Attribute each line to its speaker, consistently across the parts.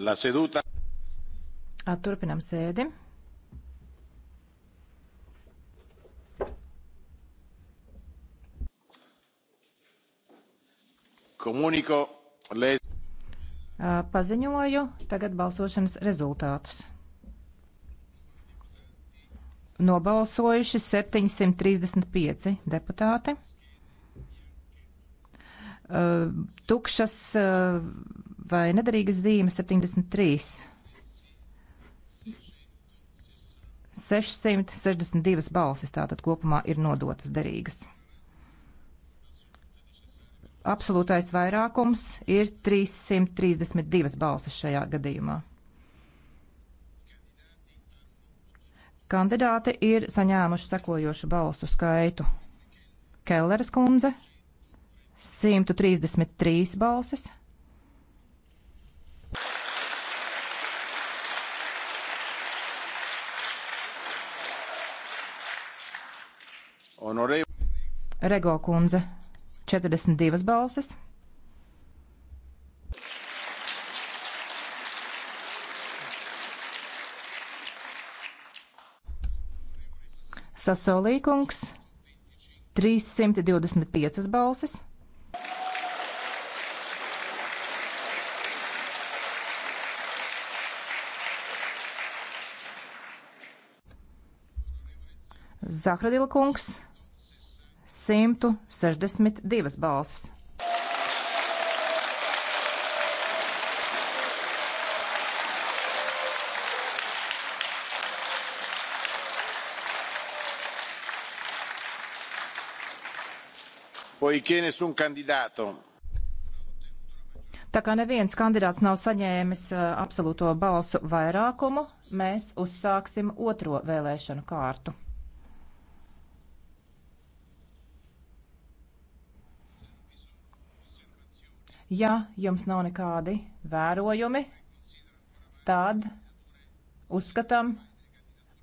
Speaker 1: La seduta.
Speaker 2: Turpinam sēdi.
Speaker 1: Komuniko les.
Speaker 2: Paziņoju tagad balsošanas rezultātus. Nobalsojuši 735 deputāti. Tukšas vai nedarīgas zīme 73. 662 balsis tātad kopumā ir nodotas derīgas. Absolūtais vairākums ir 332 balsis šajā gadījumā. Kandidāti ir saņēmuši sekojošu balsu skaitu. Kelleres kundze 133 balsis, Honorē... Rego kundze, 42 balsis. Sasolīkungs 325 balsis. Zahradilkungs 162 balsis.
Speaker 1: poiché nessun candidato.
Speaker 2: Tā kā neviens kandidāts nav saņēmis eh, absolūto balsu vairākumu, mēs uzsāksim otro vēlēšanu kārtu. Ja jums nav nekādi vērojumi, tad uzskatām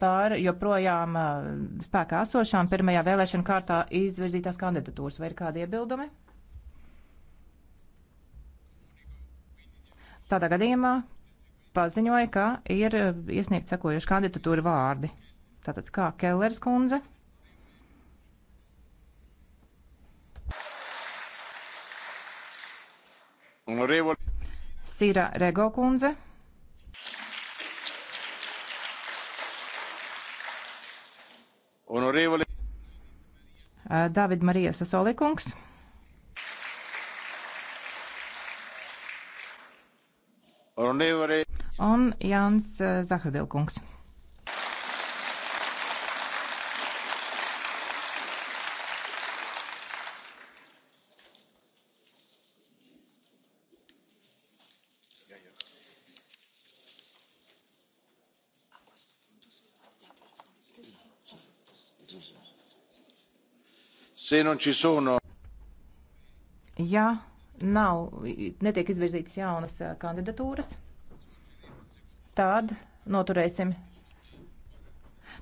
Speaker 2: par joprojām uh, spēkā esošām pirmajā vēlēšana kārtā izvirzītās kandidatūras. Vai ir kādi iebildumi? Tādā gadījumā paziņoja, ka ir uh, iesniegt sekojuši kandidatūra vārdi. Tātad kā Kellers kundze.
Speaker 1: Sīra
Speaker 2: Rego kundze. Honorevole. Eh, David Marijas Asolikungs.
Speaker 1: Honorevole.
Speaker 2: Un Jānis eh, Zahradilkungs.
Speaker 1: Se non ci sono.
Speaker 2: Ja nav, netiek izvirzītas jaunas eh, kandidatūras, tad noturēsim.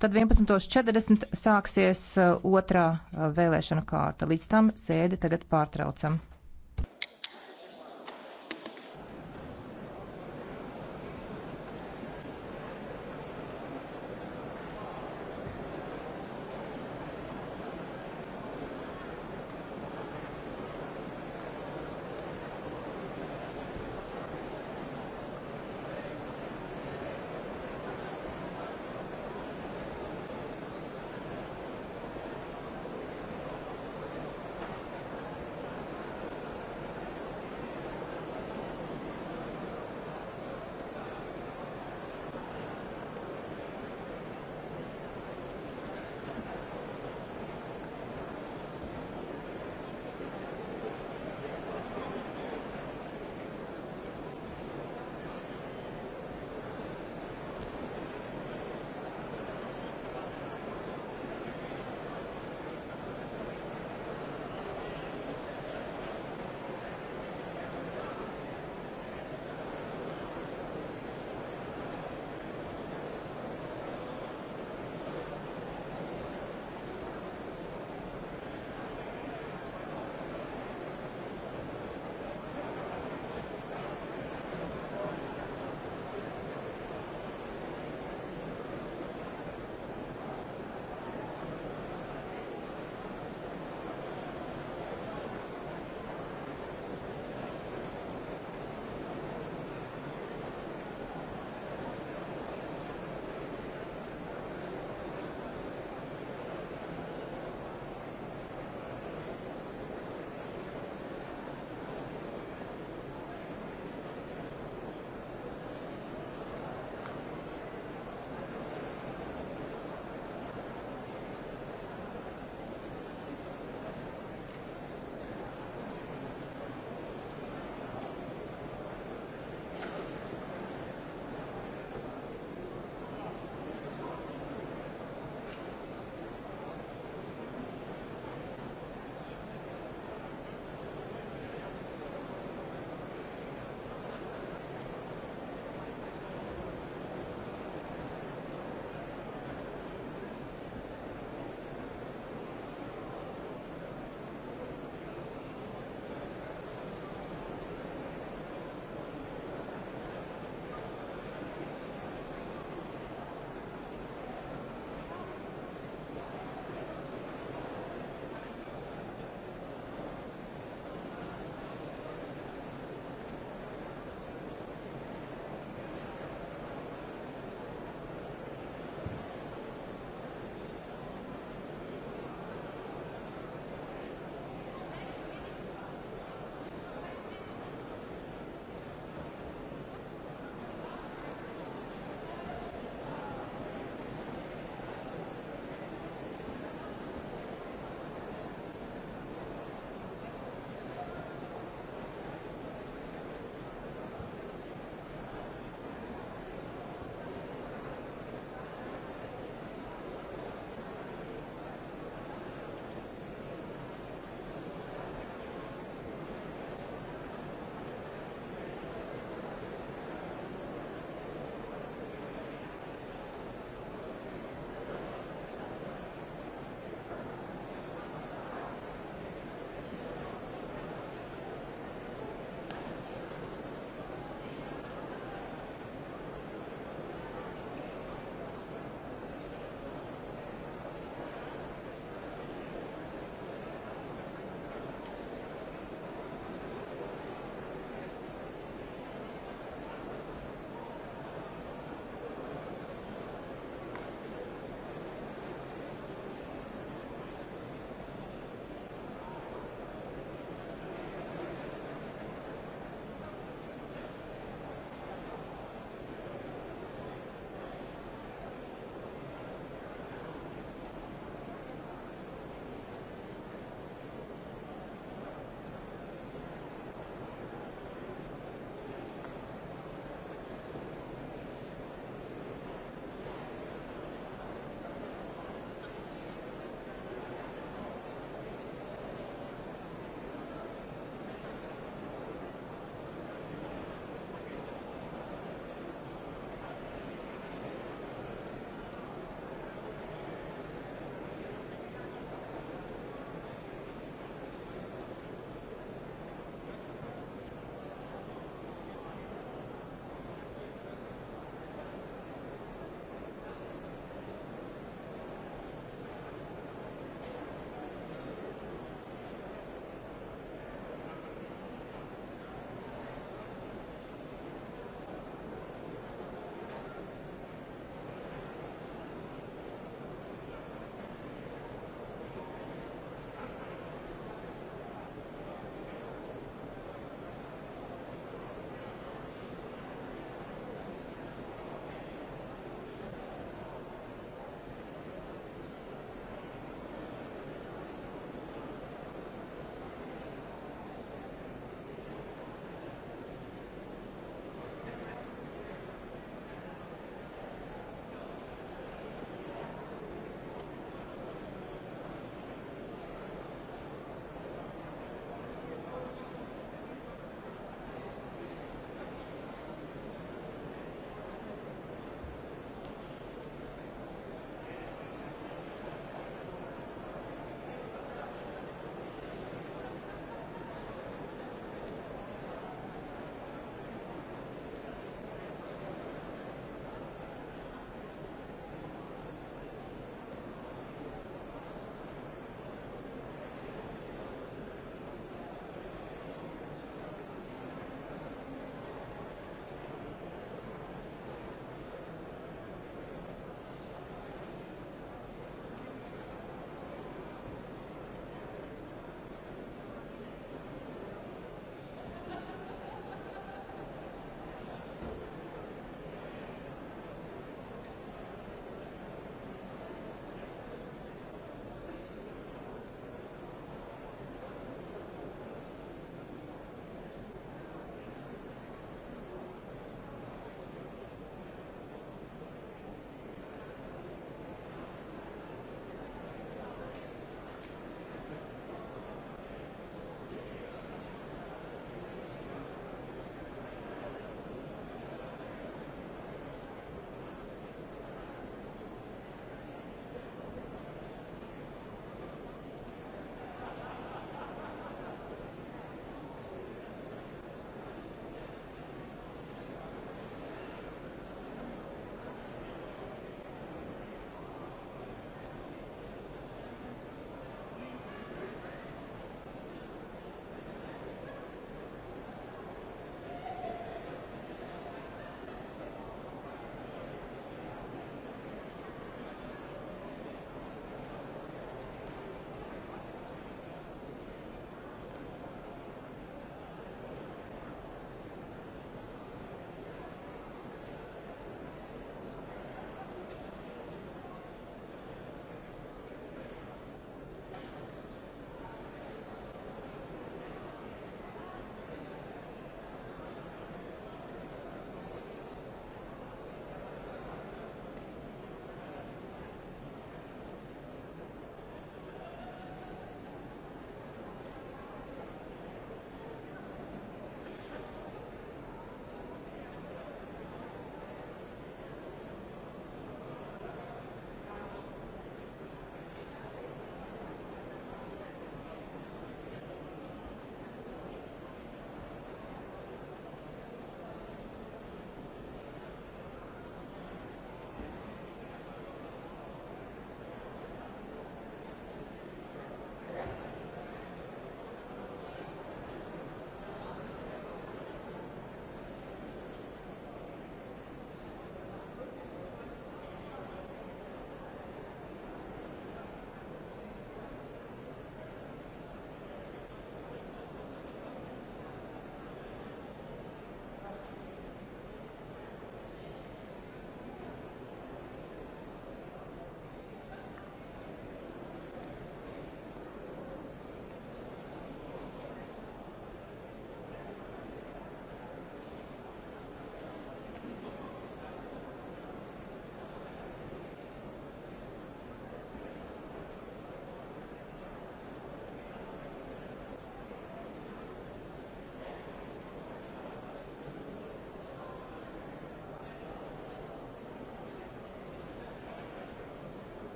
Speaker 2: Tad 11.40 sāksies eh, otrā eh, vēlēšana kārta. Līdz tam sēdi tagad pārtraucam.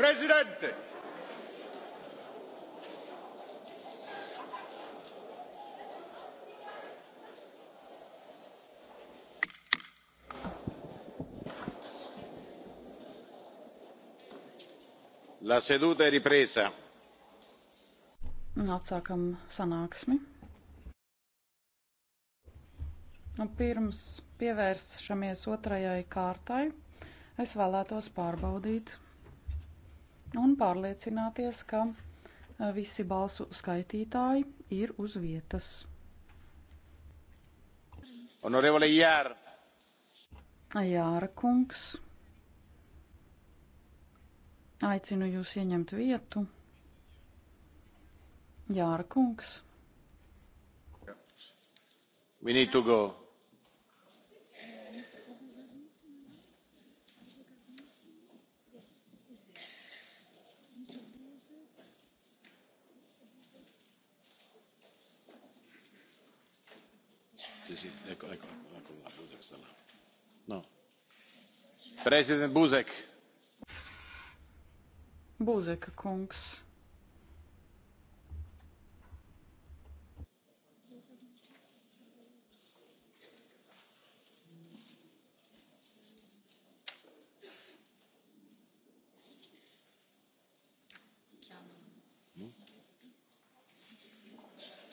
Speaker 1: presidente! La seduta ir ripresa.
Speaker 3: Atsākam sanāksmi. Un nu, pirms pievēršamies otrajai kārtai, es vēlētos pārbaudīt un pārliecināties, ka e, visi balsu skaitītāji ir uz vietas.
Speaker 1: Honorevole Jāra.
Speaker 3: Jāra kungs. Aicinu jūs ieņemt vietu. Jāra kungs.
Speaker 1: We need to go. sana. No. Prezident Buzek.
Speaker 3: Buzeka kungs.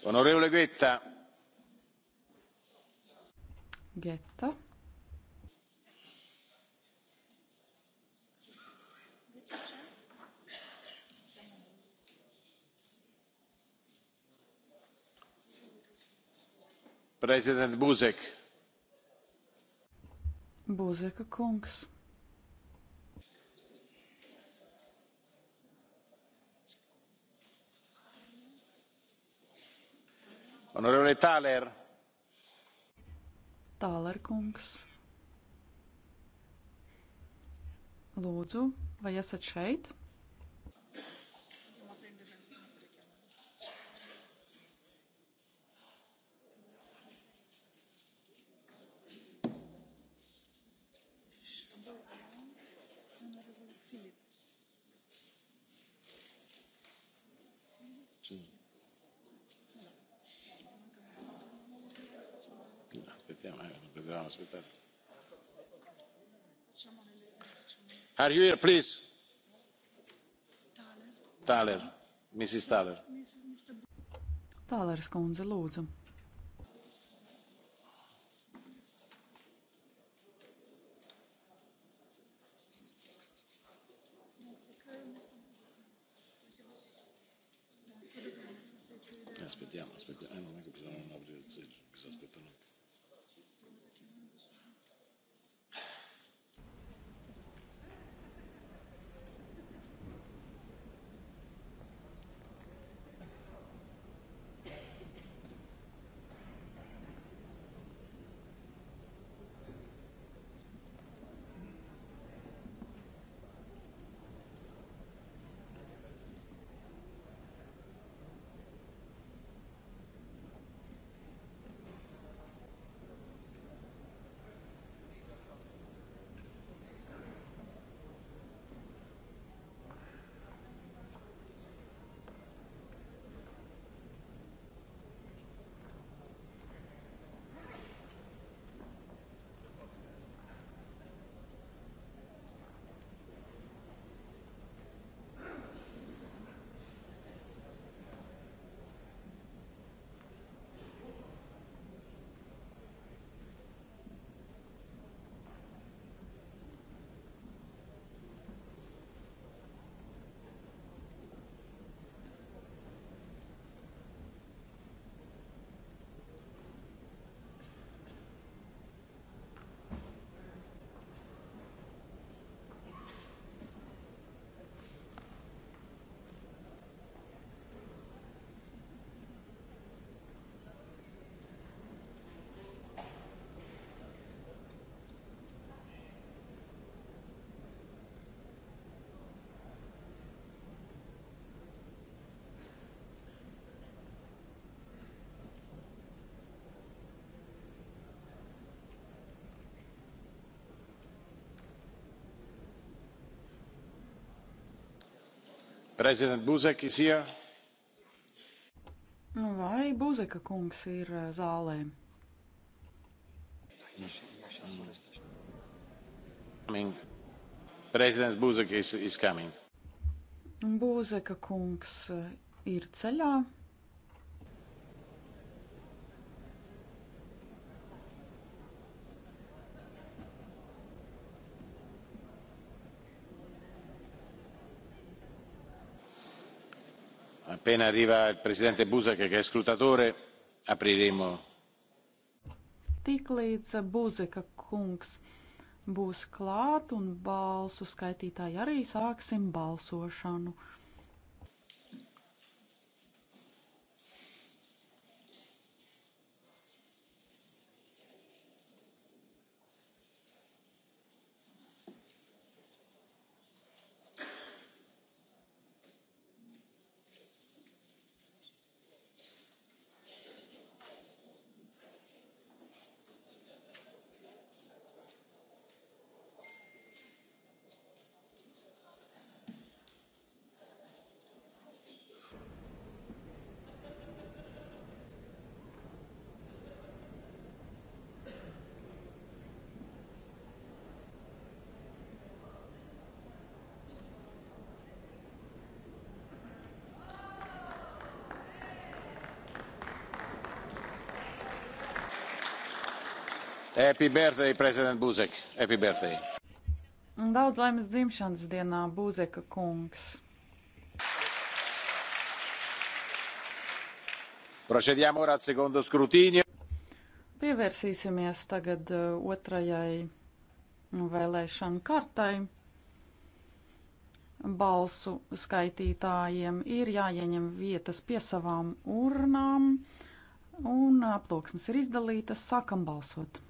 Speaker 1: onorevole guetta Geta. Prezidents Buzek.
Speaker 3: Buzeka kungs.
Speaker 1: Honorevole Thaler.
Speaker 3: Tālerkungs. Lūdzu, vai esat šeit?
Speaker 1: are you here please? Tāler. Mrs. Tāler.
Speaker 3: Tāleres kundze, lūdzu.
Speaker 1: President Buzek is here.
Speaker 3: Nu vai Buzeka kungs ir zālē?
Speaker 1: Prezidents Buzek is, is coming.
Speaker 3: Buzeka kungs ir ceļā.
Speaker 1: appena arriva il presidente buzek che è scrutatore apriremo.
Speaker 3: tiklīdz buzeka kungs būs klāt un balsu skaitītāji arī sāksim balsošanu.
Speaker 1: Happy birthday, prezident Buzek. Happy birthday.
Speaker 3: Un daudz laimes dzimšanas dienā, Buzeka kungs.
Speaker 1: Procediamo ora al secondo scrutinio.
Speaker 3: Pievērsīsimies tagad uh, otrajai vēlēšanu kartai. Balsu skaitītājiem ir jāieņem vietas pie savām urnām, un aploksnes ir izdalītas. Sākam balsot!